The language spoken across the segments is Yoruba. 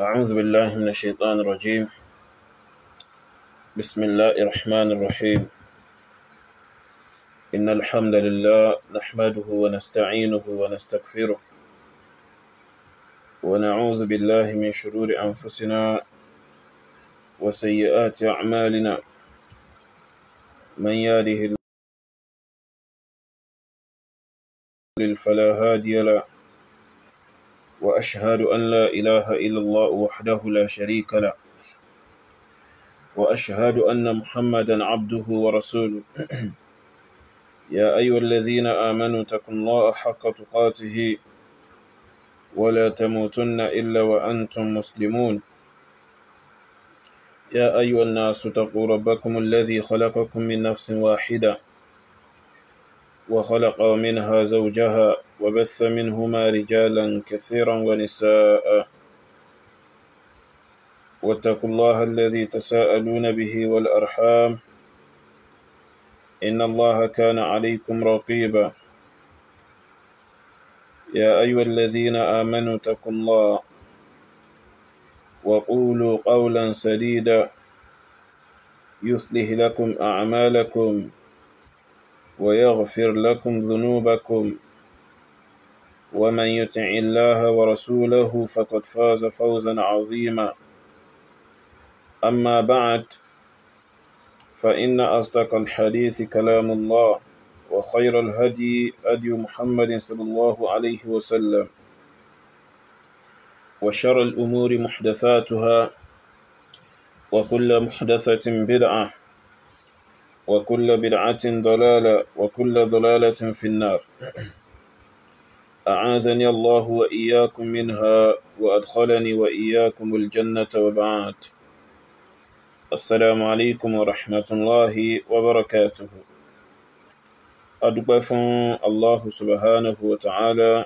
أعوذ بالله من الشيطان الرجيم بسم الله الرحمن الرحيم إن الحمد لله نحمده ونستعينه ونستغفره ونعوذ بالله من شرور أنفسنا وسيئات أعمالنا من يهده الله فلا هادي له وأشهد أن لا إله إلا الله وحده لا شريك له وأشهد أن محمدا عبده ورسوله يا أيها الذين آمنوا اتقوا الله حق تقاته ولا تموتن إلا وأنتم مسلمون يا أيها الناس اتقوا ربكم الذي خلقكم من نفس واحدة وخلق منها زوجها وبث منهما رجالا كثيرا ونساء واتقوا الله الذي تساءلون به والأرحام إن الله كان عليكم رقيبا يا أيها الذين آمنوا اتقوا الله وقولوا قولا سديدا يصلح لكم أعمالكم ويغفر لكم ذنوبكم ومن يطع الله ورسوله فقد فاز فوزا عظيما أما بعد فإن أصدق الحديث كلام الله وخير الهدي هدي محمد صلى الله عليه وسلم وشر الأمور محدثاتها وكل محدثة بدعة وكل بدعة ضلالة وكل ضلالة في النار أعاذني الله وإياكم منها وأدخلني وإياكم الجنة وبعد السلام عليكم ورحمة الله وبركاته أدبف الله سبحانه وتعالى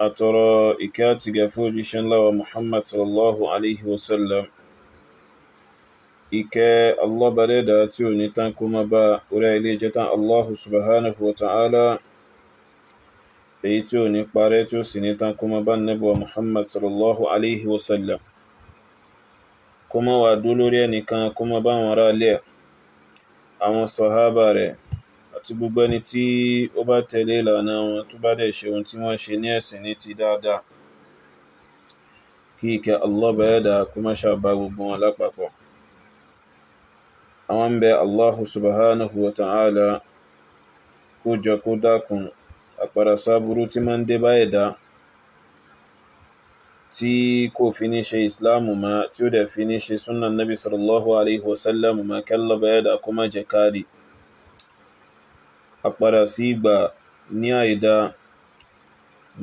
أترى إكات غفور الله ومحمد صلى الله عليه وسلم إكا الله balẹ̀dà tí ò ní tán kó الله سبحانه وتعالى èyí tí ò ní parẹ́ tí ó sì ní tán kó má bá nẹ́bọ̀ Muhammad sallallahu alayhi wa sallam kó má wà dúró lórí ẹnìkan kó má bá wọn rálẹ̀ àwọn sọ̀hábà rẹ̀ àti gbogbo ẹni tí ó bá tẹ̀lé ìlànà wọn tó bá dẹ̀ ṣe ohun tí wọ́n ṣe ní ẹ̀sìn ní ti dáadáa kí ìkẹ́ Allah kó má ṣàbá gbogbo wọn lápapọ̀ àwọn ń bẹ Allahu subhanahu wa ta'ala kó jọ kó dákun àpàrà sáburú tí máa ń dé bá ẹ̀dá tí kò fi ní ṣe ìsìláàmù ma tí ó dẹ̀ fi ní ṣe súnà nabi sallallahu alaihi wasallam ma kallaba yada kuma jẹ káàdì àpàrà sí ìgbà ní àìdá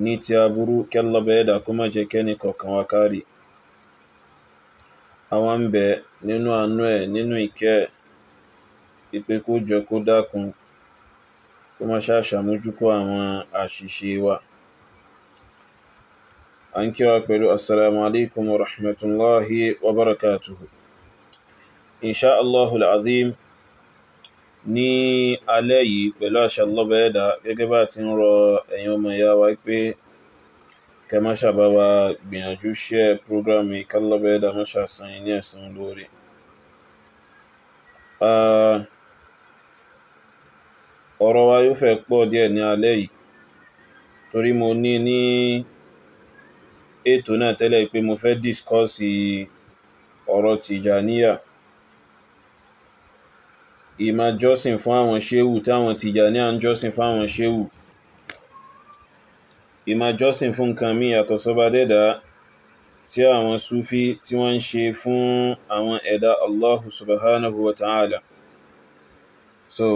ní ti aburú kallaba yada kuma jẹ kẹ́ni kọ̀ọ̀kan wa káàdì àwọn ń bẹ nínú àánú ẹ̀ nínú ìkẹ́ ìpẹ́kójọ kó dákun kó má ṣáà ṣàmójúkó àwọn àṣìṣe wa à ń kíra pẹ̀lú assalamu alaikum wa rahmatullahi wa barakatuhu insha allahul azim ní alẹ́ yìí pẹ̀lú àṣà lọ́bẹ̀ẹ́dà gẹ́gẹ́ bá ti ń rọ ẹ̀yin ọmọ ìyá wa pé kẹ má ṣàbá gbìyànjú ṣe program yìí kálọ́bẹ̀ẹ́dà má ṣàṣàn ní ẹ̀sùn lórí ọ̀rọ̀ wa yóò fẹ́ pọ̀ díẹ̀ ní alẹ́ yìí torí mo ní ní ètò náà tẹ́lẹ̀ pé mo fẹ́ dìskọ́sì ọ̀rọ̀ tìjàníyà ìmá jọ́sìn fún àwọn ṣéwù táwọn tìjàníyà ń jọ́sìn fún àwọn ṣéwù ìmá jọ́sìn fún nǹkan míì yàtọ̀ sọ́ba dẹ́dà tí àwọn súfí tí wọ́n ń ṣe fún àwọn ẹ̀dá Allahu subhanahu wa ta'ala so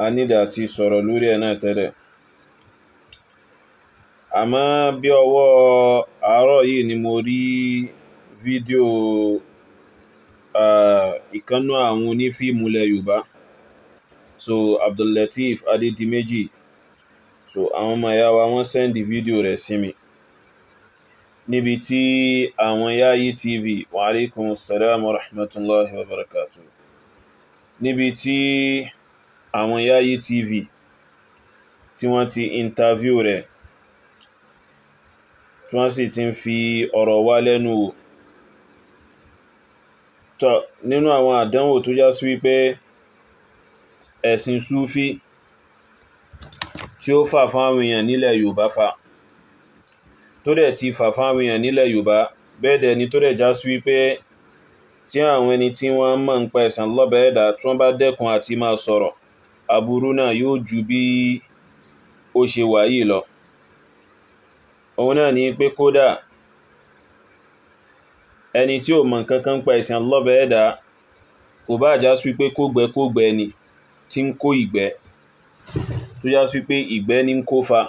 a nídà ti sọ̀rọ̀ lórí ẹ̀ náà tẹ́lẹ̀ àmọ́ bí ọwọ́ àárọ̀ yìí ni mo rí fídíò ìkánú àwọn onífíìmù ilẹ̀ Yorùbá so Abdullateef Adédìméjì so àwọn ọmọ ìyá wa wọ́n sẹ́ndì fídíò rẹ̀ sí mi níbi tí àwọn Yayi TV wa alaikum salaam wa rahmatullahi wa barakatuh níbi tí àwọn Yayi TV tí wọ́n ti interview rẹ̀ tí wọ́n sì ti ń fi ọ̀rọ̀ wá lẹ́nu wò tọ́ nínú àwọn àdánwò tó já sí wípé ẹ̀sìn Súfí tí ó fà fáwọn èèyàn nílẹ̀ Yorùbá fà tó dẹ̀ ti fà fáwọn èèyàn nílẹ̀ Yorùbá bẹ́ẹ̀ dẹ̀ ni tó dẹ̀ já sí wípé tí àwọn ẹni tí wọ́n mọ̀ ń pa ẹ̀sìn lọ́bẹ̀ẹ́dà tí wọ́n bá dẹ́kun àti máa sọ̀rọ̀ aburú náà yóò ju bí ó ṣe wà yìí lọ òun náà ni pé kódà ẹni tí ò mọ̀ nǹkan kan pa ẹ̀sìn lọ́bẹ̀ ẹ̀dá kò bá já sí pé kógbẹ́ kógbẹ́ ni tí ń kó ìgbẹ́ tó já sí pé ìgbẹ́ ní ń kó fa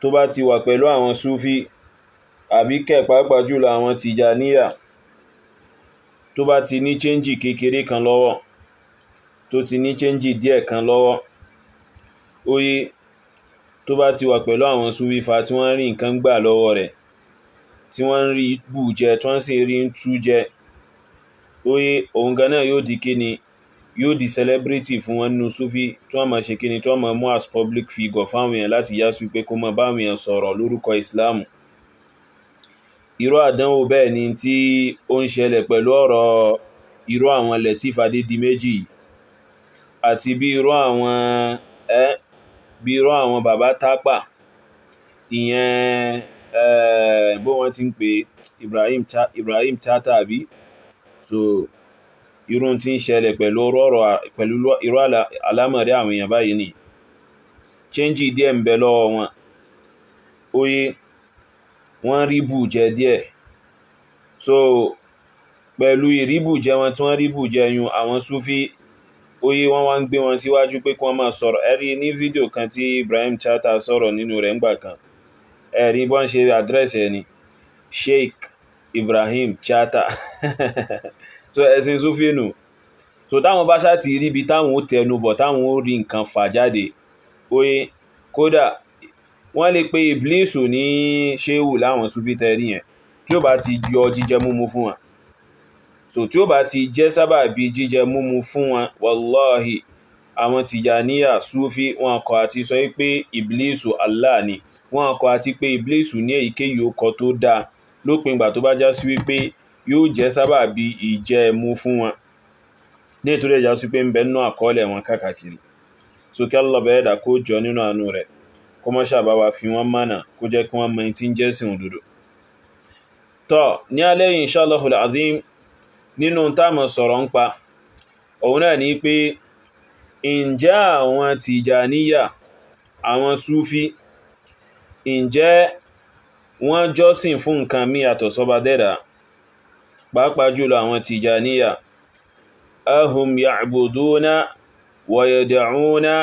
tó bá ti wà pẹ̀lú àwọn súfí àbí kẹ̀ pàápàá jùlọ àwọn tìjà níyà tó bá ti ní chẹ́ńjì kékeré kan lọ́wọ́ tó ti ní chẹ́ńjì díẹ̀ kan lọ́wọ́ oye tó bá ti wà pẹ̀lú àwọn suwifa tí wọ́n ń rí nǹkan gbà lọ́wọ́ rẹ̀ tí wọ́n ń rí bù jẹ tí wọ́n sì rí tú jẹ oye òun gan náà yóò di kíni yóò di celebrity fún wọn nínú sufi tí wọ́n máa ṣe kíni tí wọ́n máa mú as public figure fáwọn èèyàn láti yá sí pé kó máa bá àwọn èèyàn sọ̀rọ̀ lórúkọ ìsìláàmù irú àdánwò bẹ́ẹ̀ ni tí ó ń ṣẹlẹ̀ pẹ̀lú ọ̀rọ̀ irú àwọn Lateef Adédìméjì yìí àti bí irú àwọn ẹ́ bí irú àwọn bàbá tápà ìyẹn ẹ́ bó wọ́n ti ń pè Ibrahim Cha Ibrahim Chata àbí so irú tí ń ṣẹlẹ̀ pẹ̀lú rọ́rọ̀ pẹ̀lú irú alámọ̀rí àwọn èèyàn báyìí ni chẹ́ńjì díẹ̀ ń bẹ lọ́wọ́ wọn oye wọ́n rí bùjẹ díẹ̀ so pẹ̀lú ìríbùjẹ wọn tí wọ́n rí bùjẹ yun àwọn súfí bóyá wọ́n wá ń gbé wọn síwájú pé kí wọ́n máa sọ̀rọ̀ ẹ rí ní fídíò kan tí Ibrahim Chata sọ̀rọ̀ nínú rẹ̀ ńgbà kan ẹ rí bọ́n ṣe àdírẹ́sì ẹ ní Sheikh Ibrahim Chatta so ẹ̀sìn sufinu so táwọn bá ṣá ti ríbi táwọn ó tẹnu bọ̀ táwọn ó rí nǹkan fà jáde oye kódà wọ́n lè pe Iblisu ní ṣéwù láwọn sufi tẹ́rí yẹn tí ó bá ti jọ jíjẹ múmu fún wọn so tí ó bá ti jẹ́ sábàbí jíjẹ múmu fún wọn wàláhì àwọn tìjàníyà súfí wọn kọ̀ àti sọ pé ìbílísù Allah ni wọn kọ̀ àti pé ìbílísù ní èyíkéyìí ó kọ tó dáa lópin ìgbà tó bá já sí wípé yóò jẹ́ sábàbí ìjẹ mú fún wọn ní ètò ìjà sí pé ń bẹ nínú àkọọ́lẹ̀ wọn káàkiri sókè alọ́bẹ̀ ẹ̀dà kó jọ nínú àánú rẹ̀ kó mọ́ ṣàbáwá fi wọ́n mánà kó jẹ́ kí wọ́n mọ ẹni tí ń jẹ́ sìn òdodo. tọ́ ní alẹ́ yìí inṣàlọ́hùn azim nínú táàmù sọ̀rọ̀ ń pa òun náà ni pé ǹjẹ́ àwọn tìjàníyà àwọn súfí ǹjẹ́ wọ́n jọ́sìn fún nǹkan mí yàtọ̀ sọ́ba dẹ́dà pàápàá jùlọ àwọn tìjàníyà ahum ya'buduna wa yad'una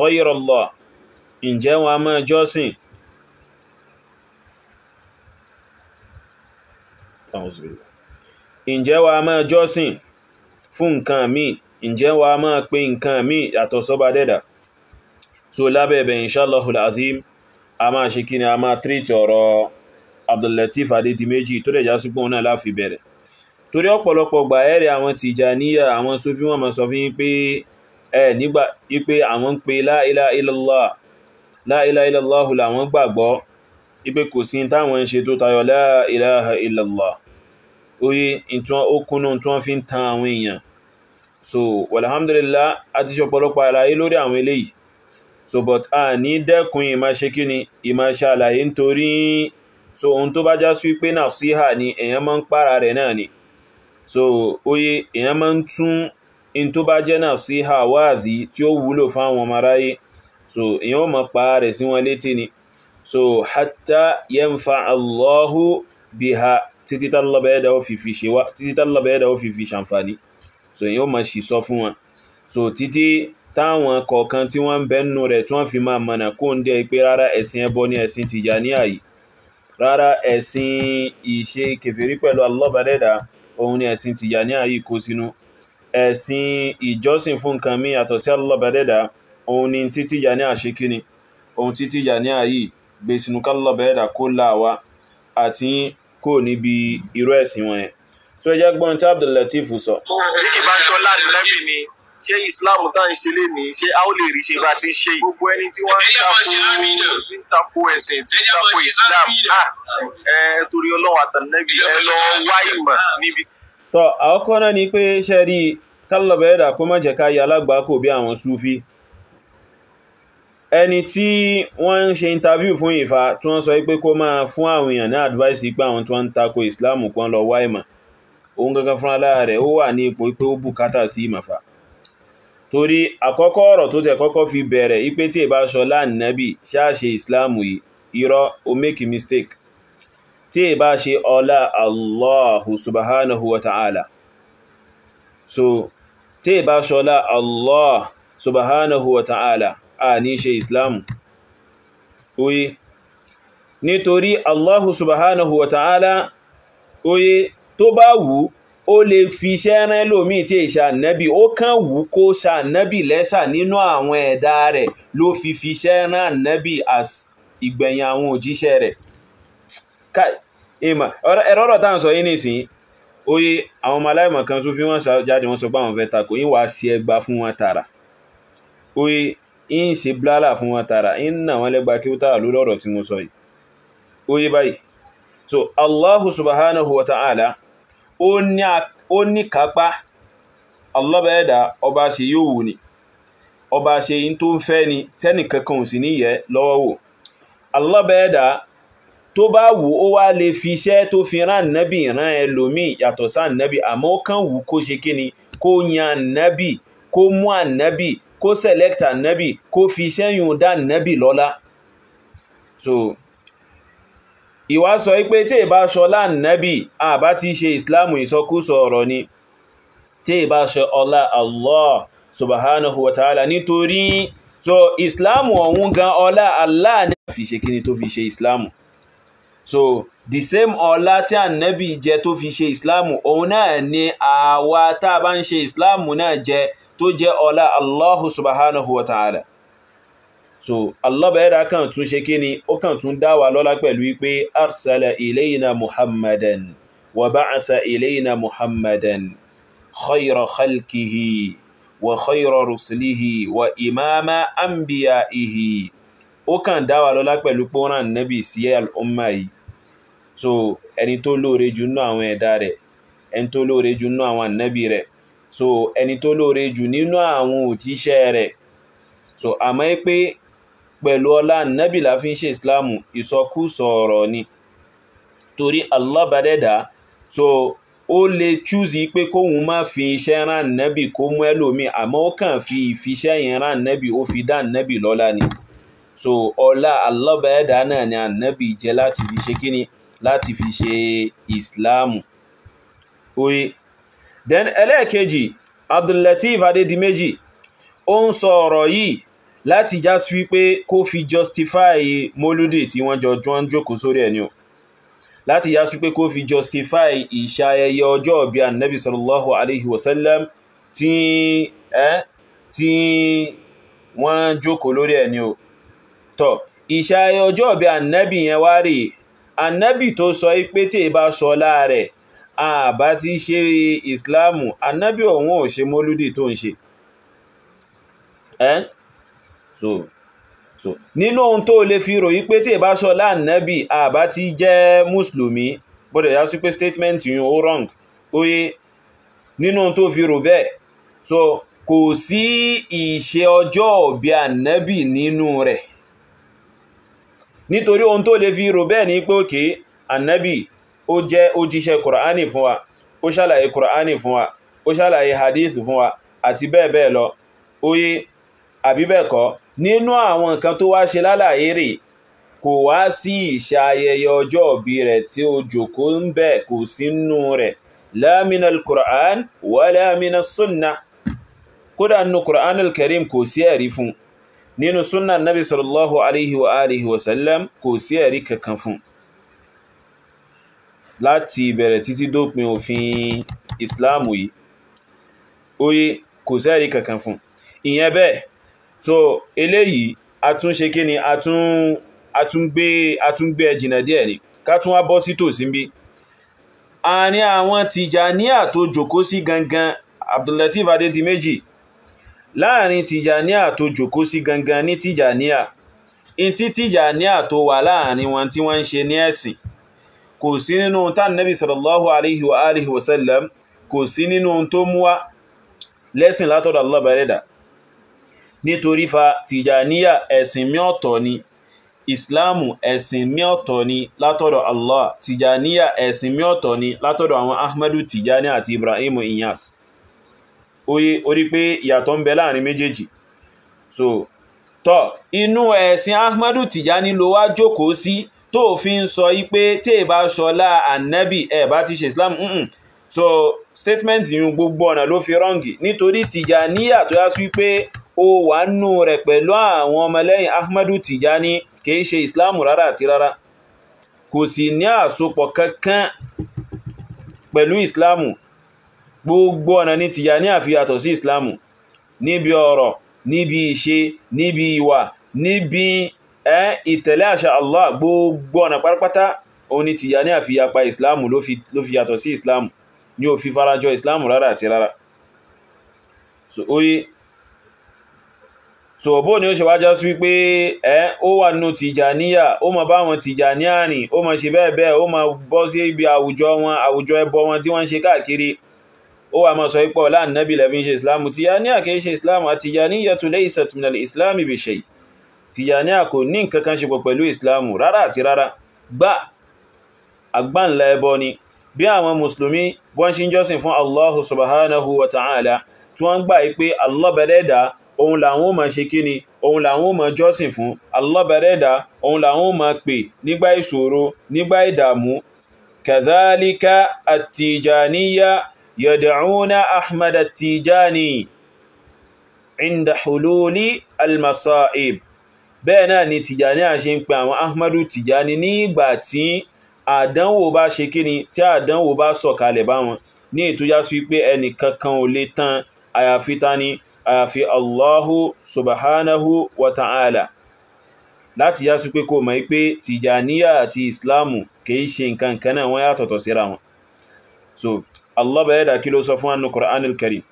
ghayra Allah wọn a jọ́sìn Allahu subhanahu ǹjẹ́ wa máa jọ́sìn fún nǹkan míì ǹjẹ́ wa máa pe nǹkan míì yàtọ̀ sọ́ba dẹ́dà so lábẹ́ẹ̀bẹ̀ inshallahul azim a máa ṣe kí ni a máa tírìtì ọ̀rọ̀ abdullatif adédìméjì tó dẹ̀ já sí pé òun náà láfi bẹ̀rẹ̀ torí ọ̀pọ̀lọpọ̀ gbà ẹ̀rẹ̀ àwọn Tìjàníyà àwọn Sufi wọn máa sọ fún yín pé ẹ nígbà wípé àwọn ń pe la ilaha illallah gbàgbọ́ wípé kò sí táwọn ń ṣe tó tayọ la ilaha oye ìtún okùnù tí wọ́n fi ń tan àwọn èèyàn so alhamdulillah a ti ṣe ọ̀pọ̀lọpọ̀ àlàyé lórí àwọn eléyìí so but a ní dẹ́kun ìmá ṣe kí ni ìmá ṣe àlàyé nítorí so ohun tó bá já sí pé nasiha ni èèyàn máa ń para rẹ̀ náà ni so oye èèyàn máa ń tún in tó bá jẹ́ nasiha wáàzí tí ó wúlò fáwọn ọmọ aráyé so èèyàn ó máa pa rẹ̀ sí wọn létí ni so hatta yanfa Allahu biha títí tálọ́bà ẹ̀dá ó fi fi ṣe wá títí tálọ́bà ẹ̀dá ó fi ṣàǹfààní so èyí ó máa ṣì sọ fún wọn so títí táwọn kọ̀ọ̀kan tí wọ́n ń bẹ nínú rẹ̀ tí wọ́n fi máa mọ̀nà kó ń jẹ́ pé rárá ẹ̀sìn ẹbọ ní ẹ̀sìn Tìjàníyà yìí rárá ẹ̀sìn ìṣe kèfèrí pẹ̀lú alọ́bàdẹ́dà òun ni ẹ̀sìn Tìjàníyà yìí kó sínú ẹ̀sìn ìjọsìn fún nǹkan mí yàtọ̀ sí alọ́bàdẹ́dà òun ni tí Tìjàníyà ṣe òun tí Tìjàníyà yìí gbé kálọ́bàdẹ́dà kó láwa àti kó níbi irú ẹ̀sìn wọn yẹn tó ẹ jẹ́ gbọ́n tí Abdullateef sọ. bíkì bá ṣọlá lẹ́bí ni ṣé Islam tá à ń ṣe léni ṣé a ó lè rí ṣe bá ti ń ṣe yìí. gbogbo ẹni tí wọ́n ń tako ẹ̀sìn tí ń tako Islam ah, ẹ torí ọlọ́wọ́ àtàlẹ́bí ẹ lọ wá ìmọ̀ níbi. tọ́ àkọ́kọ́ náà ni pé ṣẹ́ẹ́rì kálọ̀bẹ̀ẹ́dà kó má jẹ́ ká yẹ alágbàákò bí àwọn Súfí ẹni tí wọ́n ń ṣe interview fún Ìfà tí wọ́n sọ pé kó máa fún àwọn èèyàn ní advice pé àwọn tí wọ́n ń tako Islam kan lọ wá ìmọ̀ òun gangan fúnra lára rẹ̀ ó wà ní ipò pé ó bùkátà sí ìmọ̀fà torí àkọ́kọ́ ọ̀rọ̀ tó tẹ̀ kọ́kọ́ fi bẹ̀rẹ̀ ipé tí ìbá sọ láàánábì ṣáàṣe Islam yìí irọ́ o make mistake tí ìbá ṣe ọlá Allahu subhanahu wa ta'ala so tí ìbá sọlá Allah subhanahu wa ta'ala a ní ṣe islam oye nítorí allahu subhanahu wa ta'ala oye tó bá wù ó lè fi iṣẹ́ rán lómi tí è ṣànẹ́bì ó kàn wù kó ṣànẹ́bì lẹ́sà nínú àwọn ẹ̀dá rẹ̀ ló fi fi iṣẹ́ rán nẹ́bì as ìgbẹ̀yìn àwọn òjíṣẹ́ rẹ̀ ẹ̀rọ ọ̀rọ̀ sọ nìsín oye àwọn ọmọ kan sún fi wọ́n jáde wọ́n sọ pé àwọn fẹ́ takò yín wàá sí ẹgbà fún wọn oye ń ṣe blálà fún wọn tààrà ń nà wọn lẹ́gbàá kí ó tààrà lórí ọ̀rọ̀ tí mo sọ yìí ó yé báyìí so allahu subhanahu wa ta'ala ó ní kápá allọ́bẹ̀ẹ́dà ọba ṣe yóò wù ní ọba ṣe yìí tó ń fẹ́ ni tẹ́nì kankan ò sì níyẹ lọ́wọ́ wò allọ́bẹ̀ẹ́dà tó bá wù ó wá lè fi iṣẹ́ tó fi rán nábì rán ẹlòmíì yàtọ̀ sáà nábì àmọ́ kàn wù kó ṣe kíni kó yan nábì kó mú ànábì kó select ànábì kó fi sẹ́yìn dá ànábì lọ́lá so ìwà sọ pé tí ìbá ṣọlá ànábì àbá ti ṣe ìsìláàmù ìsọkúsọ ọ̀rọ̀ ni tí ìbá ṣe ọlá Allah subhanahu wa ta'ala nítorí so Islamu ọ̀hún gan ọlá Allah ní fi ṣe kíni tó fi ṣe ìsìláàmù so the same ọlá tí ànábì jẹ tó fi ṣe ìsìláàmù òun náà ni àwa tá a bá ń ṣe ìsìláàmù náà jẹ tó jẹ́ ọlá Allahu subhanahu wa ta'ala so Allah bẹ̀rẹ̀ kan tún ṣe kí ni ó kàn tún dá wa lọ́lá pẹ̀lú wípé arsala ilayna muhammadan wa ba'atha ilayna muhammadan khayra khalkihi wa khayra rusulihi wa imama anbiya'ihi ó kàn dá lọ́lá pẹ̀lú pọ́nrán nabi sí al'umma yìí so ẹni tó lóore jù nínú àwọn ẹ̀dá rẹ̀ ẹni tó lóore jù nínú àwọn ànábì rẹ̀ so ẹni tó lóore jù nínú àwọn òjíṣẹ́ rẹ̀ so àmọ́ pé pẹ̀lú ọlá nábì la fi ń ṣe ìsìláàmù ìsọkúsọ ọ̀rọ̀ ni torí Allah bá so ó lè chúùsì pé kóhun má fi iṣẹ́ rán nábì kó mú ẹlòmíì àmọ́ ó kàn fi ìfiṣẹ́ yẹn rán nábì ó fi dá nábì lọ́lá ni so ọlá Allah bá dẹ́dà náà ni ànábì jẹ́ láti fi ṣe kíni láti fi ṣe ìsìláàmù Den ẹlẹ́ẹ̀kejì abdullatif adedimeji ó ń sọ ọ̀rọ̀ yìí láti já sí wípé kó fi justify mólúdè tí wọ́n jọ jọ ń jókòó sórí ẹ̀ o láti já sí wípé kó fi justify ìṣayẹyẹ ọjọ́ ìbí anabi sallallahu alayhi wa sallam tí ẹ tí wọ́n jókòó lórí ẹ̀ ni o tọ́ ìṣayẹyẹ ọjọ́ ìbí anabi yẹn wá rèé anabi tó sọ pé tí ì bá sọ láàrẹ̀ àbá ti ṣe ìsìláàmù anábì ọ̀hún ò ṣe mọ́lúdì tó ń ṣe so so nínú ohun tó lè fi ròyìn pé tí ìbá sọ láànábì àbá ti jẹ́ mùsùlùmí bọ́dẹ̀ yá sí pé statement yìí ó wrong ó yé nínú ohun tó fi rò bẹ́ẹ̀ so kò sí ìṣe ọjọ́ ìbí ànábì nínú rẹ̀ nítorí ohun tó lè fi rò bẹ́ẹ̀ ni pé òkè ànábì ó jẹ́ ó jíṣẹ́ kùránì fún wa ó ṣàlàyé kùránì fún wa ó ṣàlàyé hadith fún wa àti bẹ́ẹ̀ bẹ́ẹ̀ lọ oyé àbí bẹ́ẹ̀ kọ́ nínú àwọn nǹkan tó wá ṣe lálàyé rè kò wá sí ìṣe ayẹyẹ ọjọ́ ìbí rẹ̀ tí ó jòkó ń bẹ̀ kò sí nínú rẹ̀ lámìnà kùrán wà lámìnà súnà kódà nínú kùrán alkarim kò sí ẹ̀rí fún nínú súnà nabi sallallahu alaihi wa alihi wa kò sí ẹ̀rí kankan fún láti ìbẹ̀rẹ̀ títí dópin òfin islam yìí oye kò sẹ́rí kankan fún ìyẹn bẹ́ẹ̀ so eléyìí atúnṣe kí ni atúngbé atúngbé ẹjìnà díẹ̀ ni ká tún wá bọ́ sí tòsí bí àárín àwọn tìjàníà tó jókòó sí gangan abdullatif adédìméjì láàrin tìjàníà tó jókòó sí gangan ní tìjàníà in tí tìjàníà tó wà láàrin wọn tí wọ́n ń ṣe ní ẹ̀sìn kò sí nínú tán nabi sallallahu alaihi wa alihi wa sallam kò sí nínú tó mú wá lẹ́sìn látọ̀dọ̀ Allah bẹ̀rẹ̀dà nítorí fa tìjàníyà ẹ̀sìn mi ọ̀tọ̀ ni ìsìláàmù ẹ̀sìn mi ọ̀tọ̀ ni látọ̀dọ̀ Allah tìjàníyà ẹ̀sìn mi ọ̀tọ̀ ni látọ̀dọ̀ àwọn Ahmadu Tijani àti Ibrahim Inyas oye orí pé ìyàtọ̀ ń bẹ láàrin méjèèjì so tọ́ inú ẹ̀sìn Ahmadu Tijani ló wá jókòó sí si, tó fi ń sọ yí pé tí ẹ bá sọlá ànábì ẹ bá ti ṣe islam mm-mm. so statement yìí gbogbo ọ̀nà ló fi rọ́ǹgì nítorí Tìjàníyà tó yá sí pé ó wà nù rẹ̀ pẹ̀lú àwọn ọmọlẹ́yìn Ahmadu Tìjàní kìí ṣe islam rárá àti rárá kò sì ní àsopọ̀ kankan pẹ̀lú islam gbogbo ọ̀nà ni Tìjàníyà fi yàtọ̀ sí islam níbi ọ̀rọ̀ níbi ìṣe níbi ìwà níbi ìtẹ̀lé àṣà Allah gbogbo ọ̀nà pátápátà òun ni tìyà ní àfiyapa islam ló fi yàtọ̀ sí islam ní ò fi farajọ islam rárá àti rárá so oye so bó ni ó ṣe wájá sí wípé ẹ ó wà nù tìjàníyà ó ma bá wọn tìjàníyà rìn ó ma ṣe bẹ́ẹ̀ bẹ́ẹ̀ ó ma bọ́ sí ibi àwùjọ wọn àwùjọ ẹbọ wọn tí wọ́n ń ṣe káàkiri ó wà ma sọ ipò láàrín nábìlẹ̀ fi ṣe islam tìjàníyà kì í ṣe islam àtìjàníyà tó laysat min al-islam bi shay' tìjàníà kò ní nǹkan kan ṣepọ̀ pẹ̀lú ìsìláàmù rárá àti rárá gbà àgbàǹlà ẹbọ ni bí àwọn mùsùlùmí wọ́n ṣe ń jọ́sìn fún allahu subhanahu wa ta'ala tí wọ́n gbà pé allọ́bẹ̀rẹ́dà òun làwọn máa ṣe kíni òun làwọn máa jọ́sìn fún allọ́bẹ̀rẹ́dà òun làwọn máa pè nígbà ìṣòro nígbà ìdààmú kàzálíkà àtìjàníyà yad'una ahmad àtìjàní inda hululi almasa'ib bẹ́ẹ̀ náà ni tìjàní à ń ṣe ń pe àwọn ahmadu tìjàní ní ìgbà tí àdánwò bá ṣe kíni tí àdánwò bá sọ̀kalẹ̀ bá wọn ní ìtújá sí pé ẹnì kankan ò lè tán àyàfi tani àyàfi allahu subhanahu wa ta'ala láti yá sí pé kò mọ̀ pé tìjàníyà àti ìsìláàmù kìí ṣe nǹkan kan náà wọ́n yàtọ̀tọ̀ síra wọn so allah bẹ̀rẹ̀ dà kí ló sọ fún annu qur'anil karim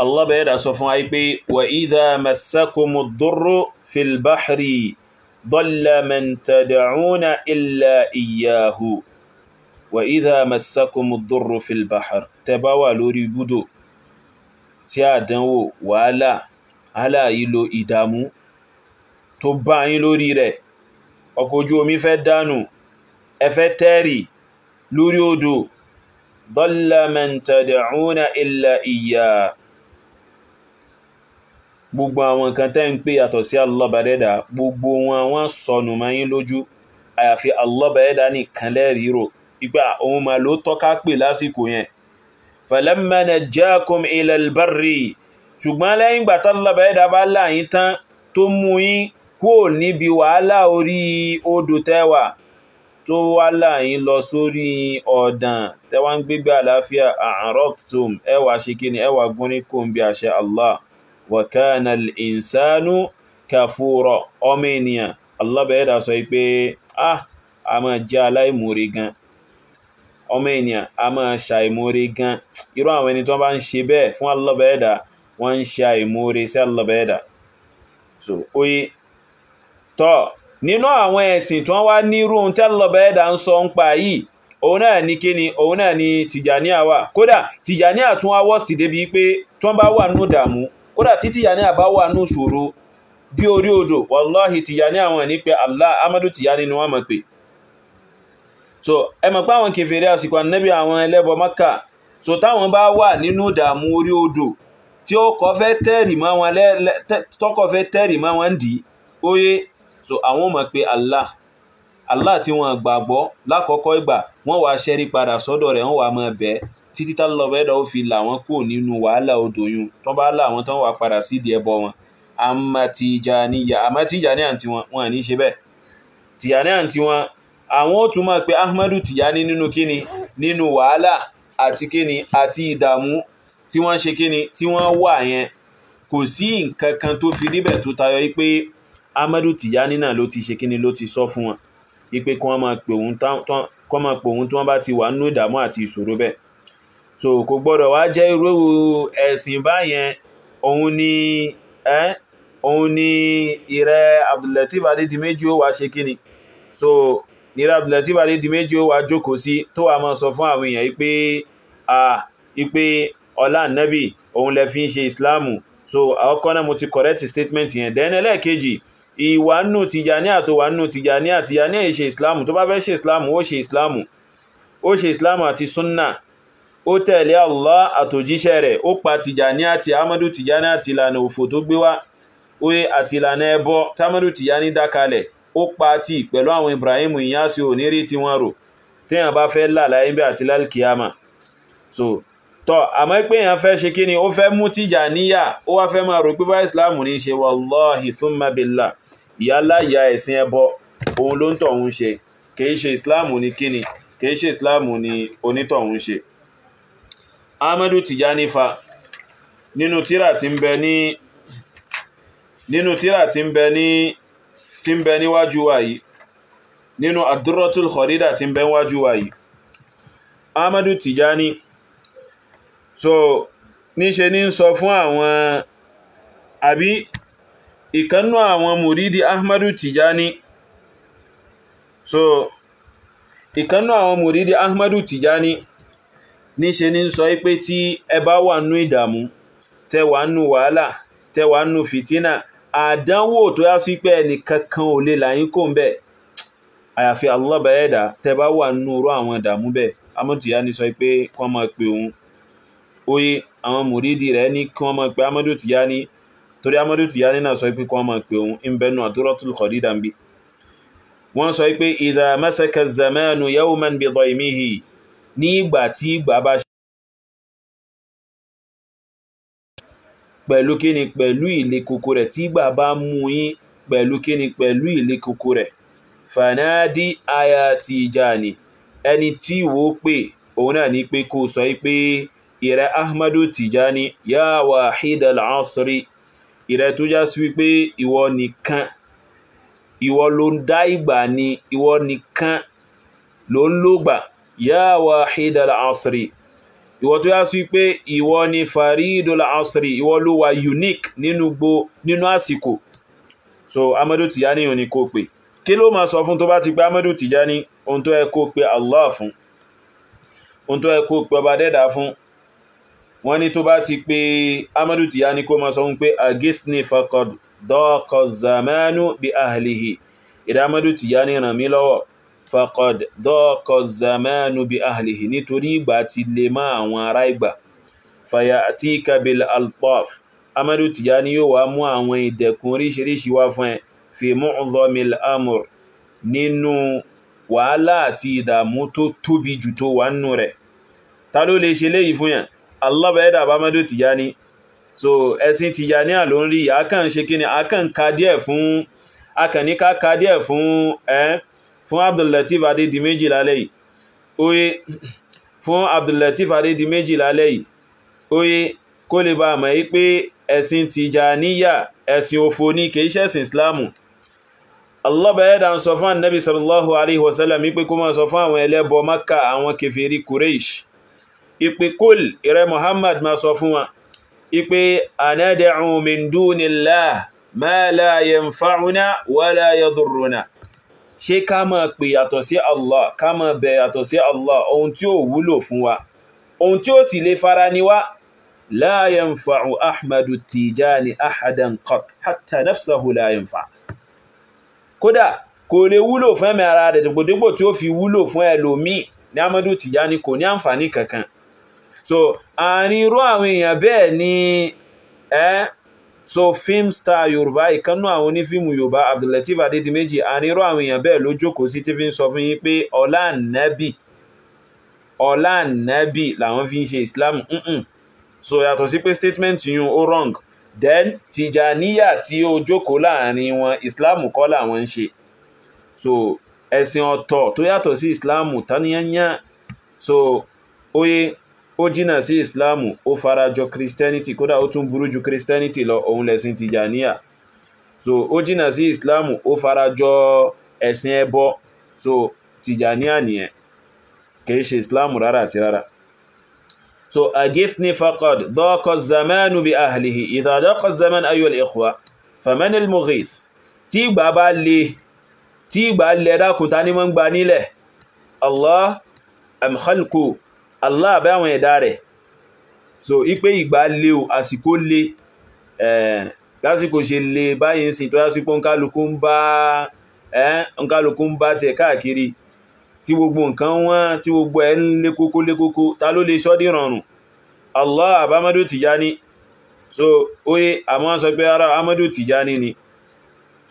Allah bẹ̀rẹ̀ dà sọ fún wa pé wa idha massakumu durru fil bahri dalla man tad'una illa iyyahu wa idha massakumu durru fil bahri tẹ́ bá wà lórí ibùdó tí àdánwò wàhálà aláìlo ìdààmú tó bá yín lórí rẹ̀ ọkọ̀ omi fẹ́ dànù ẹ tẹ́rì lórí odò dalla man tad'una illa gbogbo àwọn nǹkan tẹ́ ń pè yàtọ̀ sí Allah Ọba Adẹ́dà gbogbo wọn wọ́n sọnù mọ́ yín lójú àyàfi Allah Ọba Adẹ́dà nìkan lẹ́rìí rò ìgbà òun mà ló tọ́ka pè lásìkò yẹn falamma najjakum ila al-barri ṣùgbọ́n lẹ́yìn ìgbà tí Allah Ọba Adẹ́dà bá là yín tán tó mú yín kúò níbi wàhálà orí odò tẹ́wà tó wá là lọ sórí ọ̀dàn tẹ́wà ń gbégbé àlàáfíà a'raqtum ẹwà ṣe kí ẹwà gúnrí ń bí àṣẹ Allah وكان الإنسان كفورا ọmọ ènìyàn Allah bẹ̀rẹ̀ dà sọ pé ah a máa jẹ́ aláìmoore gan ọmọ ènìyàn a máa ṣàìmoore gan irú àwọn ẹni tó bá ń ṣe bẹ́ẹ̀ fún Allah bẹ̀rẹ̀ dà wọ́n ń ṣe àìmoore sí Allah bẹ̀rẹ̀ dà so oye tọ́ nínú àwọn ẹ̀sìn tí wọ́n wá nírú ohun tí Allah ń sọ ń pa yìí òun náà ní kíni òun náà ní Tìjàníyà wà kódà Tìjàníyà tún wá wọ́ọ̀sì débi pé tí bá wà nínú ìdààmú kódà tí Tijani àbá wà ní ìṣòro bí orí odò wàláhì Tijani àwọn ní pé Allah Amadu Tijani ni wọ́n mọ̀ pé so ẹ mọ̀ pé àwọn kèfèrè àsìkò ànábì àwọn ẹlẹ́bọ Mákà so táwọn bá wà nínú ìdààmú orí odò tí ó kọ́ fẹ́ tẹ́rì mọ́ wọn tọ́kọ̀ fẹ́ tẹ́rì mọ́ wọn dì í óyé so àwọn mọ̀ pé Allah Allah tí wọ́n gbàgbọ́ lákọ̀ọ́kọ́ ìgbà wọ́n wá ṣẹ́rí padà sọ́dọ̀ rẹ̀ wọ́n wá máa bẹ̀ẹ́ títí tá lọ́wọ́ ẹ̀dọ̀ ó fi là wọ́n kúrò nínú wàhálà odòyún tó bá là wọ́n tán wà padà sídìí ẹbọ wọn amatijaniya amatijani àǹtí wọn wọn ní ṣe bẹ́ẹ̀ tìyàní àǹtí wọn àwọn ó tún máa pe ahmadu tìyàní nínú kíni nínú wàhálà àti kíni àti ìdààmú tí wọ́n ṣe kíni tí wọ́n wà yẹn kò sí nǹkan kan tó fi níbẹ̀ tó tayọ pé ahmadu tìyàní náà ló ti ṣe kíni ló ti sọ fún wọn pé kí wọ́n máa pè òun tí wọ́n bá ti wà nínú ìdààmú àti ìṣòro bẹ́ẹ̀ so kò gbọ́dọ̀ wá jẹ́ irú ẹ̀sìn báyẹn òun ni ẹ́ òun ni ìrẹ́ Abdulateef Adédìméjì ó wá ṣe kíni so ìrẹ́ Abdulateef Adédìméjì ó wá jókòó sí tó wà máa sọ fún àwọn èèyàn pé ipe ọlá nẹ́bì òun lẹ fi ń ṣe ìsìláàmù so àkọ́kọ́ náà mo ti correct statement yẹn then ẹlẹ́ẹ̀kejì ìwánú Tìjàníyà tó wánú Tìjàníyà Tìjàníyà ìṣe ìsìláàmù tó bá fẹ́ ṣe ìsìláàmù ó ṣe ìsìláàmù ó ṣe ìsìláàmù àti súnnà ó tẹ̀lé Allah àtòjíṣẹ́ rẹ̀ ó pa Tìjàní àti Amadu Tìjàní àti ìlànà òfò tó gbé wá oye àti ìlànà ẹbọ tamadu Tìjàní dákalẹ̀ ó pa tì pẹ̀lú àwọn Ibrahim Inyasi onírí tí wọ́n rò téèyàn bá fẹ́ là láyé àti lálkìyàmà so tọ́ àmọ́ pé èèyàn fẹ́ ṣe kí ni ó fẹ́ mú Tìjàníyà ó wá fẹ́ máa rò pé bá Islam ní ṣe wallahi thumma billah ìyá ẹ̀sìn ẹbọ òun ló ń tọ̀hún ṣe kì í ṣe Islam ní kíni kì í ṣe Islam ní onítọ̀hún ṣe Ahmadu Tijani fa nínú tírà tí ń bẹ ní nínú tírà tí ń bẹ ní tí ń bẹ níwájú wa yìí nínú Ad-Durratul Kharida ń bẹ níwájú wa yìí Ahmadu Tijani so níṣe ní ń sọ fún àwọn àbí ìkannú àwọn mùrídi Ahmadu Tijani so ìkannú àwọn mùrídi Ahmadu Tijani níṣe ní sọ pé tí ẹ bá wà nú ìdààmú tẹ wà nú wàhálà tẹ wà nú fìtínà àdánwò tó yá sí pé ẹnìkankan ò lè là yín kò ń bẹ̀ àyàfi Allah bá ẹ̀dá tẹ bá wà nú orú àwọn ìdààmú bẹ́ẹ̀ amọ̀tìyá ní sọ pé kí wọ́n máa pe òun oye àwọn mùrídìí rẹ̀ ní kí wọ́n máa pe amadu tìyání torí amadu tìyání náà sọ pé kí wọ́n máa pe òun ń bẹnu àtúrọ́tùlù kọ̀ dídà ń bí wọ́n sọ pé ìdá masaka zamanu yawman bi dhaymihi ní ìgbà tí ìgbà bá ṣe pẹ̀lú kíni pẹ̀lú ilé kòkó rẹ̀ tí ìgbà bá mú yín pẹ̀lú kíni pẹ̀lú ilé kòkó rẹ̀ fanadi aya Tijani ẹni tí wò pé òun náà ní pé kó sọ pé ìrẹ Ahmadu Tijani ya wahid al-asri ìrẹ tó já sí wípé ìwọ nìkan ìwọ ló ń dá ìgbà ni ìwọ nìkan ló ń lògbà yá wahid al-asri ìwọ tó yá sí pé ìwọ ni faridul asri ìwọ ló wà unique nínú gbo nínú àsìkò so amadu tijani ò ní kó pè kí ló máa sọ fún tó bá ti pé amadu tijani ohun tó yẹ kó pè allah fún ohun tó yẹ kó pè ọba dẹ́dà fún wọ́n ní tó bá ti pé amadu tijani kó máa sọ fún pé agisni fakad dọ́kọ̀ zamanu bi ahlihi ìdá amadu tijani ràn mí lọ́wọ́ faqad dọ́ọ̀kọ̀ zamanu bi ahlihi nítorí ìgbà ti lè má àwọn ará ìgbà fàyà àti kabil alpaf amadu tijani yóò wá mú àwọn ìdẹ̀kùn oríṣiríṣi wá fún ẹ fi mu'dhamil amur nínú wàhálà àti ìdààmú tó tóbi jù tó wà nù rẹ̀ ta ló lè ṣe léyìí fún yẹn alábẹ́ẹ́dà amadu tijani so ẹ̀sìn tijani à ló ń rí akàn ṣe kí ni akàn ka díẹ̀ fún akàn ká díẹ̀ fún ẹ́ eh? fún Abdul-Lateef Adédìméjì lálẹ́ yìí oye fún Abdul-Lateef Adédìméjì lálẹ́ yìí oye kó lè bá mọ̀ yí pé ẹ̀sìn Tìjàníyà ẹ̀sìn òfò ní kìí ṣẹ̀sìn Islamu Allah bá ẹ̀dà ń sọ fún Ànábì sallallahu alaihi wasallam wípé kó máa sọ fún àwọn ẹlẹ́bọ Makka àwọn kèfèrí Quraysh ìpè kúl ìrẹ ṣé ká máa pè yàtọ̀ sí Allah ká máa bẹ̀ yàtọ̀ sí Allah ohun tí ó wúlò fún wa ohun tí ó sì lè fara ni wá la yanfa'u ahmadu tijani ahadan qat hatta nafsahu la yanfa' kódà kò lè wúlò fún ẹ̀mí ara rẹ̀ dìgbòdìgbò tí ó fi wúlò fún ẹlòmíì ní amadu tijani kò ní àǹfààní kankan so àárín irú àwọn èèyàn bẹ́ẹ̀ ni ẹ́ eh, so film star yorùbá ìkànnú àwọn onífíìmù yorùbá abdulateef adédìméjì àníró àwọn èèyàn bẹ́ẹ̀ ló jókòó sí tí fi ń sọ fún yín pé ọlá ànábì ọlá ànábì làwọn fi ń ṣe islam mm so yàtọ̀ sí pé statement yun ó wrong then tìjàníyà tí ó jókòó láàrin wọn islam kọ́ làwọn ń ṣe so ẹ̀sìn ọ̀tọ̀ tó yàtọ̀ sí islam tániyányá so oye ó jìnnà sí ìsìláàmù ó farajọ christianity kódà ó tún burú ju christianity lọ òun lẹ̀sìn tìjàníyà so ó jìnnà sí ìsìláàmù ó farajọ ẹ̀sìn ẹbọ so tìjàníyà nìyẹn kìí ṣe ìsìláàmù rárá àti rárá so agifni faqad dọ́kọ̀ zamanu bi ahlihi ìtàdọ́kọ̀ zaman ayọ̀lẹ̀ ìkwá famanil mughis tí ìgbà bá le tí ìgbà lẹ̀ dákùn ta ní mọ́ ń nílẹ̀ allah am Allah bá àwọn ẹ̀dá rẹ̀ so ipé ìgbà lé o àsìkò lé eh, lásìkò ṣe lè báyìí ń sìn tó lásìkò nkálukú ń bá eh, nkálukú ń bá tiẹ̀ káàkiri tí gbogbo nǹkan wọ́n tí gbogbo ẹ̀ ń lékókó lékókó ta ló lè sọ́ dìrọ̀rùn Allah àbámádù Tìjání so oye àmọ́ sọ pé ara Amadu Tìjání ni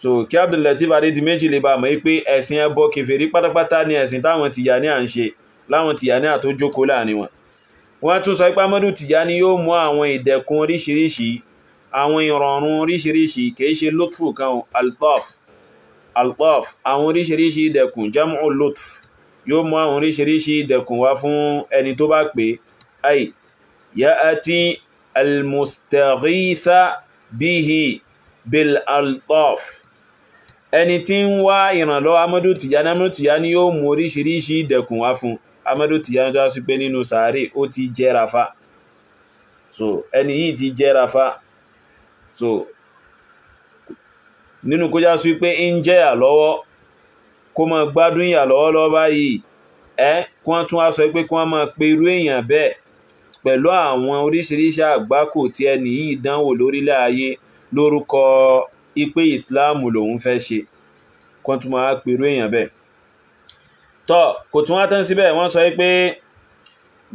so kí Abdul Latif Adédìméjì lè bá mọ̀ pé ẹ̀sìn ẹbọ kèfèrí pátápátá ni ẹ̀sìn táwọn Tìjání à ń ṣe láwọn tìyàní àtó jókòó láàrin wọn wọ́n tún sọ pé Amadu Tijani yóò mú àwọn ìdẹ̀kùn oríṣiríṣi àwọn ìrọ̀rùn oríṣiríṣi kìí ṣe lótfù kan altaf altaf àwọn oríṣiríṣi ìdẹ̀kùn jamu lótf yóò mú àwọn oríṣiríṣi ìdẹ̀kùn wá fún ẹni tó bá pè ai ya ati almustaghitha bihi bil altaf ẹni tí ń wá ìrànlọ́wọ́ Amadu Tijani Amadu Tijani yóò mú oríṣiríṣi ìdẹ̀kùn wá fún amadu tìyanu tó sì pé nínú sàárè ó ti jẹ́ rafa so ẹni yìí ti jẹ́ rafa so nínú kó já sí pé ń jẹ́ yà lọ́wọ́ kó máa gbádùn yà lọ́wọ́ lọ́wọ́ báyìí ẹ́ kí wọ́n tún wá sọ pé kí wọ́n máa pe irú èèyàn bẹ́ẹ̀ pẹ̀lú àwọn oríṣiríṣi àgbákò tí ẹni yìí dánwò lórílẹ̀ ayé lórúkọ ipe ìsìláàmù lòun fẹ́ ṣe kí tún máa pe èèyàn bẹ́ẹ̀ tọ́ kò tún wá tán síbẹ̀ wọ́n sọ pé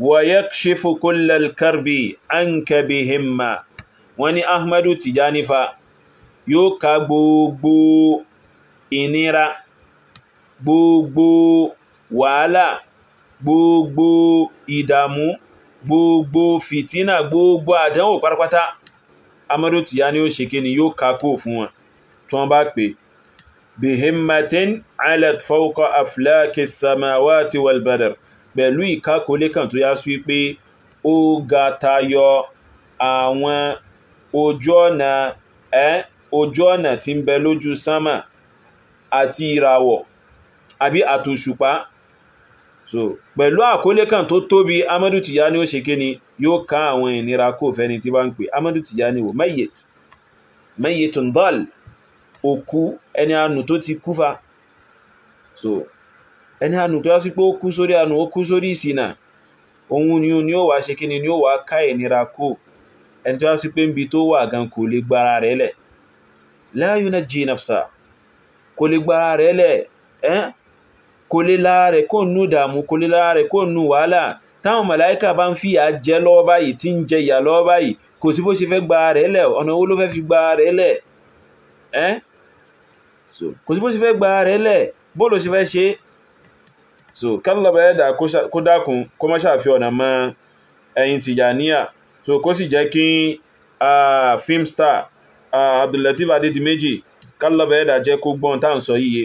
wayakshifu kullal karbi anka bihimma wọ́n ní ahmadu tijani fa yóò ka gbogbo ìnira gbogbo wàhálà gbogbo ìdààmú gbogbo fìtínà gbogbo àdánwò pátápátá ahmadu tijani ó ṣe kí ni yóò ka kó fún wọn tí wọ́n bá pè é bihimmatin alat fawqa aflaki samawati wal badr pẹ̀lú ìkákulé kan tó yá sí pé ó ga tayọ àwọn ojú ọ̀nà ẹ́ ojú ọ̀nà tí ń bẹ lójú sánmà àti ìràwọ̀ àbí àtòṣùpá so pẹ̀lú àkólé kan tó tóbi amadu tijani ó ṣe kíni yóò ká àwọn ìnira kó fẹ́ni tí bá ń pè amadu tijani wò mayyit mayyitun dal òkú ẹni àánú tó ti kú fa so ẹni àánú tó yá sí pé ó kú sórí àánú ó kú sórí ìṣìnà òun ni ó ní ó wàá ṣe kí ni ni ó wàá ká ìnira kó ẹni tó yá sí pé níbi tó wà gan kò lè gbára rẹ̀ lẹ̀ la yunajji nafsa kò lè gbára rẹ̀ lẹ̀ ẹ́ kò lè lára rẹ̀ kó nù dààmú kò lè lára rẹ̀ kó nù wàhálà táwọn màláìkà bá ń fìyà jẹ lọ́wọ́ báyìí tí ń jẹ ìyà lọ́wọ́ báyìí kò sí bó ṣe fẹ́ gbára rẹ̀ lẹ̀ ọ̀nà owó ló fẹ́ fi gbára rẹ̀ lẹ̀ ẹ́ so kò sí bó ṣe fẹ́ gba rẹ̀ lẹ̀ bóòlù ṣe fẹ́ ṣe so kálọ̀bà ẹ̀dà kó dákun kó má ṣàfi ọ̀nà mọ́ ẹ̀yin Tìjàníyà so kó sì jẹ́ kí film star Abdulateef Adédìméjì kálọ̀bà ẹ̀dà jẹ́ kó gbọ́n tá à ń sọ yíye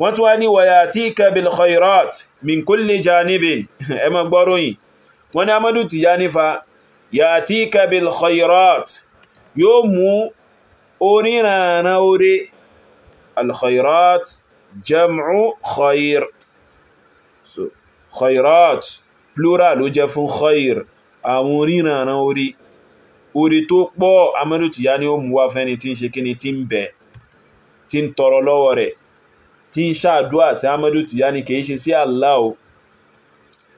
wọ́n tún wá ní wayatika bil khairat min kulli janibin ẹ mọ́ gbọ́ròyìn wọ́n ní Amadu Tijani fa yatika bil khairat yóò mú oníranà oore alkhairat jam'u khair so khairat plural ló jẹ́ fún khair àwọn oríran orí orí tó pọ̀ amadu tìyá ni ó mú wá fẹ́ni tí ń ṣe kíni tí ń bẹ̀ tí ń tọrọ lọ́wọ́ rẹ̀ tí ń ṣàdúà sí amadu tìyá ni kìí ṣe sí Allah o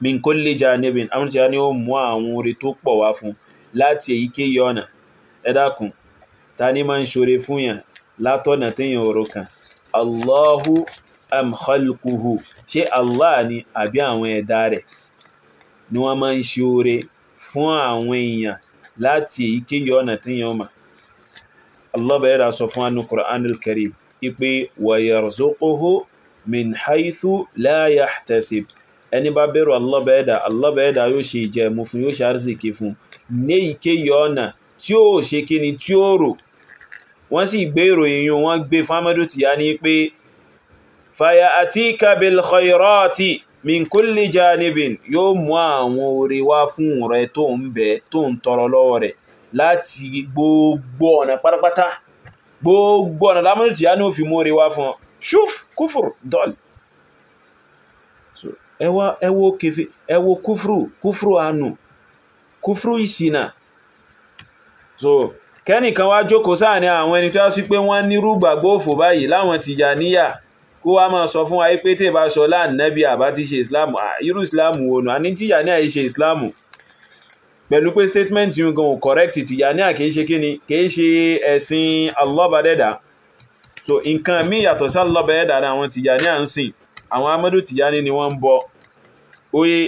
min kulli janibin amadu tìyá ni ó mú àwọn orí tó pọ̀ wá fún láti èyíkéyìí ọ̀nà ẹ dákun ta ni máa ń ṣoore fún yàn látọ̀nà téèyàn ọ̀rọ̀ kan allahu am khalquhu ṣé allah ni àbí àwọn ẹ̀dá rẹ̀ ni wọ́n máa ń ṣe oore fún àwọn èèyàn láti èyíkéyìí ọ̀nà téèyàn mà allah bẹ̀rẹ̀ rà sọ fún anu qur'anul karim ipe wa yarzuquhu min haythu la yahtasib ẹni bá bẹ̀rù allah bẹ̀rẹ̀ dà yóò ṣe ìjẹ̀mú fún yóò ṣe àrísìkí fún ní èyíkéyìí ọ̀nà tí ó ṣe kí ni tí ó rò wọ́n sì gbé ìròyìn yóò wọ́n gbé fámọ́dù Tijani pé fàyà àti kabil khairati min kulli janibin yóò mú àwọn oore wá fún rẹ tó ń bẹ tó ń tọrọ lọ́wọ́ rẹ láti gbogbo ọ̀nà pátápátá gbogbo so kẹ́nìkan wá jókòó sáàrin àwọn ẹni tó yá sí pé wọ́n nírú gbàgbọ́ òfò báyìí láwọn Tìjàníyà kó wá máa sọ fún wa pé tí ìbá sọ láàánẹ́bí àbá ti ṣe ìsìláàmù irú ìsìláàmù wo nù àní Tìjàníyà yìí ṣe ìsìláàmù pẹ̀lú pé statement yìí gan correct Tìjàníyà kìí ṣe kíni kìí ṣe ẹ̀sìn alọ́bàdẹ́dà so nǹkan míì yàtọ̀ sí alọ́bàdẹ́dà ni àwọn Tìjàníyà ń sìn àwọn Amadu Tìjàní ni wọ́n ń bọ oye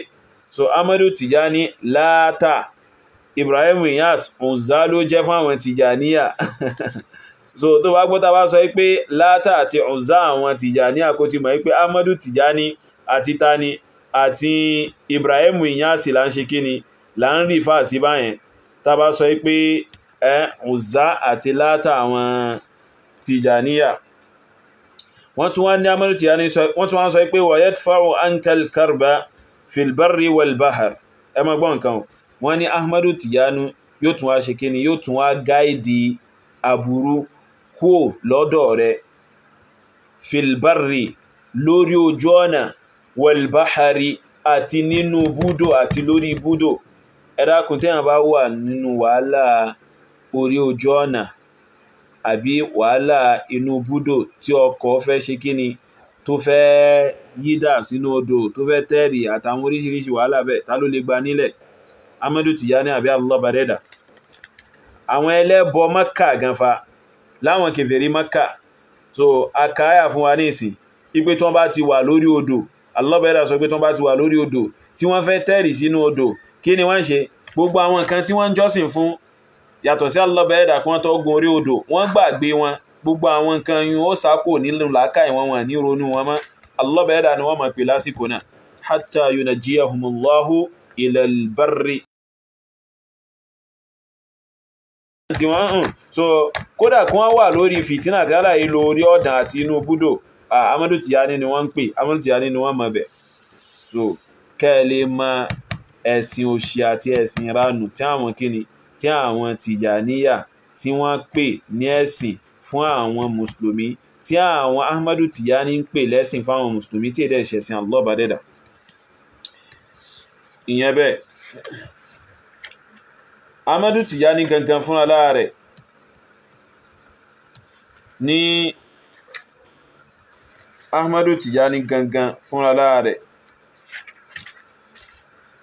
so Amadu Tìjàní láátà Ibrahim Inyas Ponza ló jẹ́ fún àwọn Tijaniya so tó bá gbọ́ta bá sọ pé Láta àti Uzza àwọn Tijaniya kó ti mọ̀ pé Ahmadu Tijani àti Tani àti Ibrahim Inyas là ń ṣe kíni là ń rí fà sí báyẹn tá bá sọ pé ẹ Uzza àti Láta àwọn Tijaniya wọ́n tún wá ní Ahmadu Tijani wọ́n tún wá sọ karba fil barri wal kan wọ́n ní Ahmadu Tijanu yóò tún wá ṣe kíni yóò tún wá gáìdì aburú kúò lọ́dọ̀ rẹ̀ filbari lórí ojú ọ̀nà wọlbáhari àti nínú búdò àti lórí búdò ẹ̀dákun tẹ́yàn bá wà nínú wàhálà orí ojú ọ̀nà àbí wàhálà inú búdò tí ọkọ̀ fẹ́ ṣe kíni tó fẹ́ yídà sínú odò tó fẹ́ tẹ́rì àtàwọn oríṣiríṣi wàhálà bẹ́ẹ̀ ta ló lè gba nílẹ̀ amadu tìyá ní àbí Allah bareda àwọn ẹlẹ́bọ maka ganfa láwọn kèfèrí maka so àkáyà fún wa ní ìsìn ipé tí wọ́n bá ti wà lórí odò Allah bareda sọ pé tí wọ́n bá ti wà lórí odò tí wọ́n fẹ́ tẹ̀rì sínú odò kí ni wọ́n ṣe gbogbo àwọn nǹkan tí wọ́n ń jọ́sìn fún yàtọ̀ sí Allah bareda kí wọ́n tó gun orí odò wọ́n gbàgbé wọn gbogbo àwọn nǹkan yìí ó sákò nílùú làákàyè wọn wọn ní ronú wọn mọ́ Allah ni wọ́n mọ̀ pé lásìkò náà hatta yunajiyahumullahu ilal barri tí wọ́n hàn so kódà kí wọ́n wà lórí fìtínà tí aláyé lo orí ọ̀dàn àti inú búdò amadu tiyani ni wọ́n ń pè amadu tiyani ni wọ́n mọ̀ bẹ̀ so kẹ́ ẹ lè mọ ẹ̀sìn òṣì àti ẹ̀sìn ìranù tí àwọn kíni tí àwọn tìjàníyà tí wọ́n pè ní ẹ̀sìn fún àwọn mùsùlùmí tí àwọn amadu tiyani ń pè lẹ́sìn fún àwọn mùsùlùmí tí èdè ìṣẹ̀sìn Allah bá dẹ̀dà ìyẹn bẹ́ẹ̀ amadu tijani gangan fúnra láàrẹ̀ ni ahmadu tijani gangan fúnra láàrẹ̀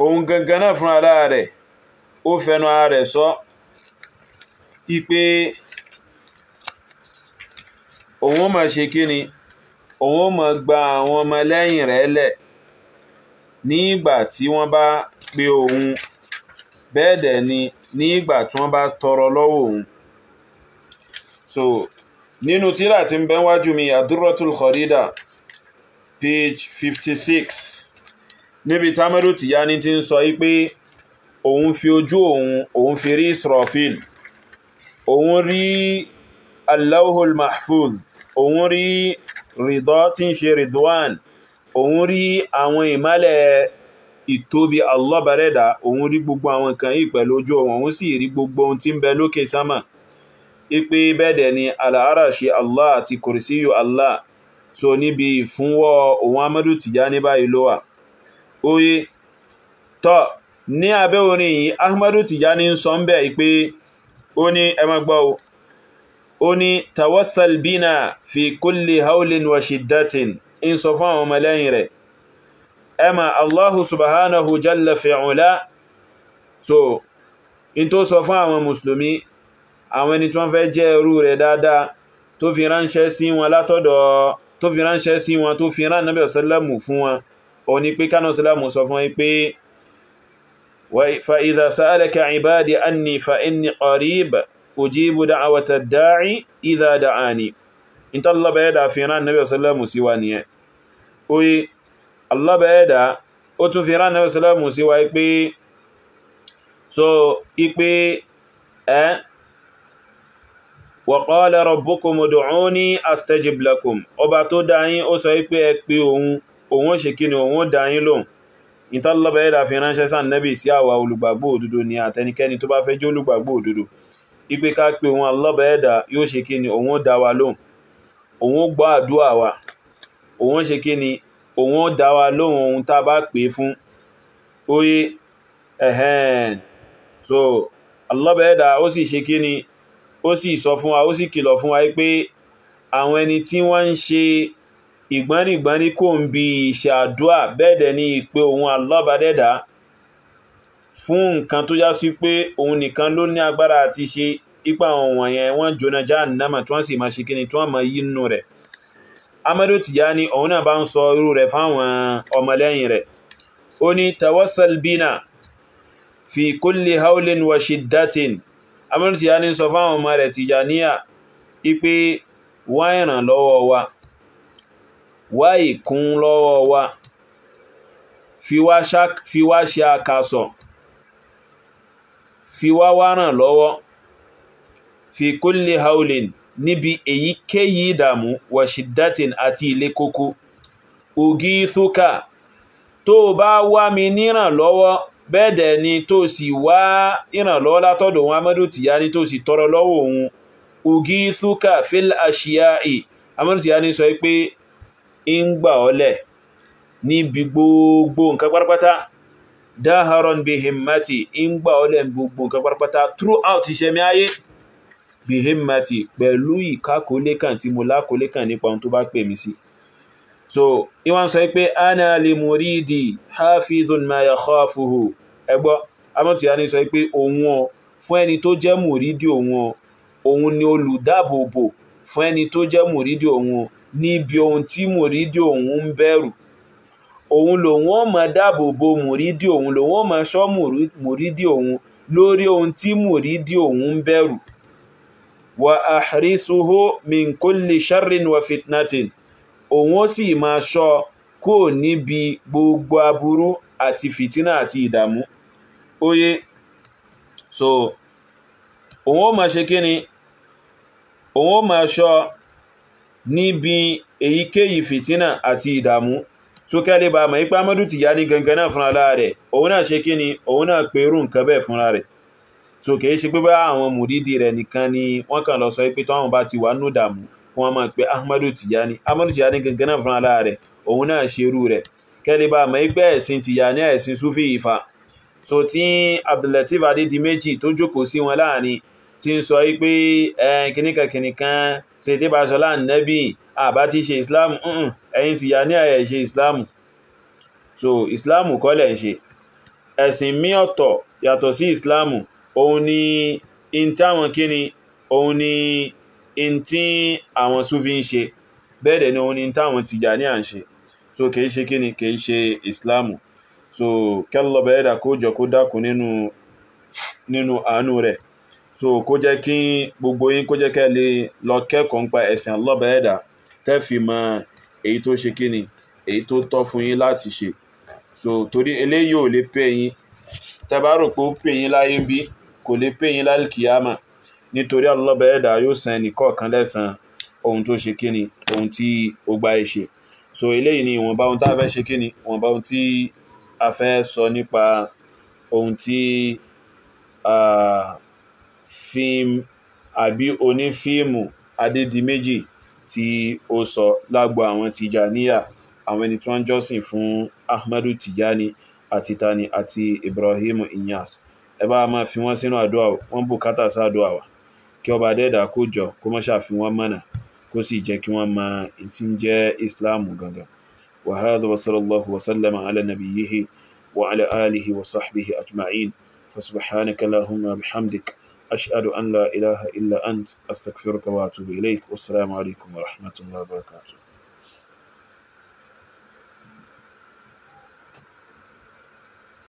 òun gangan náà fúnra láàrẹ̀ ó fẹnu ara rẹ̀ sọ ipe òun ó máa ṣe kí ni òun ó máa gba àwọn ọmọ lẹ́yìn rẹ̀ lẹ̀ nígbà tí wọ́n bá pe òun bẹ́ẹ̀ ni ní ìgbà tí wọ́n bá tọrọ lọ́wọ́ òun so nínú tírà tí ń bẹ wájú mi Ad-Durratul page fifty six níbi Tamiru Tijani ti ń sọ yí pé òun fi ojú òun òun fi rí Israfil òun rí Al-Lawhul Mahfuz òun rí Ridha tí ń ṣe Ridwan òun rí àwọn ìmálẹ̀ ìtóbi Allah barẹ́dà òun rí gbogbo àwọn nǹkan yìí pẹ̀lú ojú ọ̀wọ̀n òun sì rí gbogbo ohun tí ń bẹ lókè sámà ipe bẹ́ẹ̀dẹ̀ ni aláràṣe Allah àti kòrìsíyù Allah so níbi ìfúnwọ́ òun amadu Tijani báyìí ló wà oye tọ́ ní abẹ́ orin yìí ahmadu Tijani ń sọ ń bẹ̀ pé ó ní ẹmọ gbọ́ ó ní tawassal fi kulli haulin wa ń sọ fún àwọn ọmọlẹ́yìn rẹ̀ ẹmà Allahu subhanahu jalla fi'ula so in tó sọ fún àwọn mùsùlùmí àwọn ẹni tí wọ́n fẹ́ jẹ́ ẹrú rẹ̀ dáadáa tó fi ránṣẹ́ sí wọn látọ̀dọ̀ tó fi ránṣẹ́ sí wọn tó fi rán Nábì sálàmù fún wọn ó ní pé kánà sálàmù sọ fún wọn pé fa idha sa'alaka ibadi anni fa inni qarib ujibu da'wata da'i idha da'ani in tallaba ya da fi rán Nábì sálàmù sí wa nìyẹn Allah bá ẹ̀dá ó tún fi ránà ìsìlámù sí wa pé so ipé ẹ́ wa qala rabbukum ud'uni astajib lakum ọba tó dáyín ó sọ pé ẹ pé òun òun ṣe kí ni òun dáyín lóhun ìtàlọ́bẹ̀ ẹ̀dà fi ránṣẹ́ sáà nẹ́bì sí àwa olùgbàgbọ́ òdodo ni àtẹnikẹ́ni tó bá fẹ́ jẹ́ olùgbàgbọ́ òdodo ipe ká pé òun àlọ́bẹ̀ ẹ̀dà yóò ṣe kí ni òun dá wa lóhun gbọ́ àdúrà wa òun ṣe kí ni òun ó dá wa lóhun ohun tá bá pè fún oye ẹ̀hẹ́n so alọ́bẹ̀ẹ́dà ó sì ṣe kí ni ó sì sọ fún wa ó sì kìlọ̀ fún wa pé àwọn ẹni tí wọ́n ń ṣe ìgbọ́nìgbọ́nì kò ń bi ìṣe àdúà bẹ́ẹ̀ dẹ̀ ni ìpè òun alọ́bẹ̀ẹ́dà fún nǹkan tó já sí pé òun nìkan ló ní agbára àti ṣe ipa àwọn wọ̀nyẹn wọ́n jóná jáà nàmà tí wọ́n sì máa ṣe kí ni tí wọ́n máa yí nù rẹ̀ amadu tijani òun náà bá ń sọ irú rẹ̀ fáwọn ọmọlẹ́yìn rẹ̀ ó ní tawassal bina fi kulli haulin wa shiddatin amadu tijani sọ fáwọn ọmọ rẹ̀ tijaniya ipe wá lọ́wọ́ wa wá lọ́wọ́ wa fi wá ṣe àkàsọ̀ fi wá wá lọ́wọ́ fi kulli haulin níbi èyíkéyìí ìdààmú wàṣídàtìn àti ilé kókó ògì ìsúkà tó bá wá mi nírànlọ́wọ́ bẹ́ẹ̀dẹ̀ ni tó sì wá ìrànlọ́wọ́ látọ̀dọ̀ wọn Amadu Tijani tó sì tọrọ lọ́wọ́ òun ògì ìsúkà fil àṣìyàì Amadu Tijani sọ pé ń gbà ọlẹ̀ níbi gbogbo nǹkan pátápátá dáhàrán bíi ń gbà ọlẹ̀ gbogbo nǹkan pátápátá throughout ìṣẹ̀mí ayé bihimati pẹ̀lú ìkákólé kan tí mo lákólé kan nípa ohun tó bá pè mí sí so ìwọ̀n sọ pé ana li muridi hafizun ma yakhafuhu ẹgbọ́ amọ́tìyání sọ pé òun ọ fún ẹni tó jẹ́ mùrídì òun ọ òun ni olùdáàbòbò fún ẹni tó jẹ́ mùrídì òun ọ níbi ohun tí mùrídì òun ń bẹ̀rù òun lòun ó máa dáàbòbò mùrídì òun lòun ó máa ṣọ́ mùrídì òun lórí ohun tí mùrídì òun ń bẹ̀rù وأحرسه من كل شر وفتنة òun ó sì máa ṣọ́ kúrò níbi gbogbo aburú àti fìtínà àti ìdààmú oye so òun ó máa ṣe kíni òun ó máa ṣọ́ níbi èyíkéyìí fìtínà àti ìdààmú tó kẹ́lẹ́ bá mọ̀ ipá mọ́dún tìyá ní gangan náà fúnra rẹ̀ òun náà ṣe kíni òun náà pẹ̀rù nǹkan bẹ́ẹ̀ fúnra rẹ̀ so kìí ṣe pé báyà àwọn mùrídìí rẹ̀ nìkan ni wọ́n kàn lọ sọ pé táwọn bá ti wà nù kí wọ́n máa pe Ahmadu Tijani Ahmadu Tijani gangan náà fúnra lára rẹ̀ òun náà ṣerú rẹ̀ kẹ́lẹ́ bá àmọ́ ẹgbẹ́ ẹ̀sìn Tijani ẹ̀sìn Sufi Ìfà so tí Abdulateef Adédìméjì tó jókòó sí wọn láàrin ti ń sọ pé kìnìkan kìnìkan ṣe tí bá sọlá nẹ́bì àbá ti ṣe Islam ẹ̀yin Tijani ẹ̀ ṣe Islam so Islam kọ́ lẹ̀ ń ṣe ẹ̀sìn mí ọ̀tọ̀ yàtọ̀ sí Islam òun ni in tí àwọn kíni òun ni in tí àwọn súfí ń ṣe bẹ́ẹ̀ ni òun ni in táwọn Tìjàní à ń ṣe so kìí ṣe kíni kìí ṣe ìsìláàmù so kẹ́lọ́ bẹ̀rẹ̀ dà kó jọ kó dákun nínú nínú àánú rẹ̀ so kó jẹ́ kí gbogbo yín kó jẹ́ kẹ́ lè lọ kẹ́kọ̀ọ́ nípa ẹ̀sìn lọ́bẹ̀ẹ́dà tẹ́ fi mọ èyí tó ṣe kíni èyí tó tọ́ fún yín láti ṣe so torí eléyìí ò lè pè yín tẹ́ bá rò pé ó pè yín láyé bí kò lè pé yín lálkìyàmà nítorí ọlọ́bẹ̀ ẹ̀dà yóò san ẹnìkọ̀ọ̀kan lẹ́san ohun tó ṣe kíni ohun tí ó gba ìṣe so eléyìí ni ìwọ̀nba ohun tá a fẹ́ ṣe kíni ìwọ̀nba ohun tí a fẹ́ sọ nípa ohun tí fíìmù àbí onífíìmù adédìméjì tí ó sọ lágbo àwọn tìjàníyà àwọn ẹni tí wọ́n jọ́sìn fún ahmadu tijani àti tani àti ibrahim inyas ẹ bá máa fi wọ́n sínú àdúrà wọ́n bùkátà sáàdúrà wa kí ọba adẹ́dà kó jọ kó má ṣàfi wọ́n mọ̀nà kó sì jẹ́ kí wọ́n mọ ìtí ń jẹ́ islam gangan wa hadha wa sallallahu wa sallama ala nabiyyihi wa ala alihi wa sahbihi ajma'in fa subhanaka allahumma bihamdik أشهد أن لا إله إلا أنت أستغفرك وأتوب إليك والسلام عليكم ورحمة الله وبركاته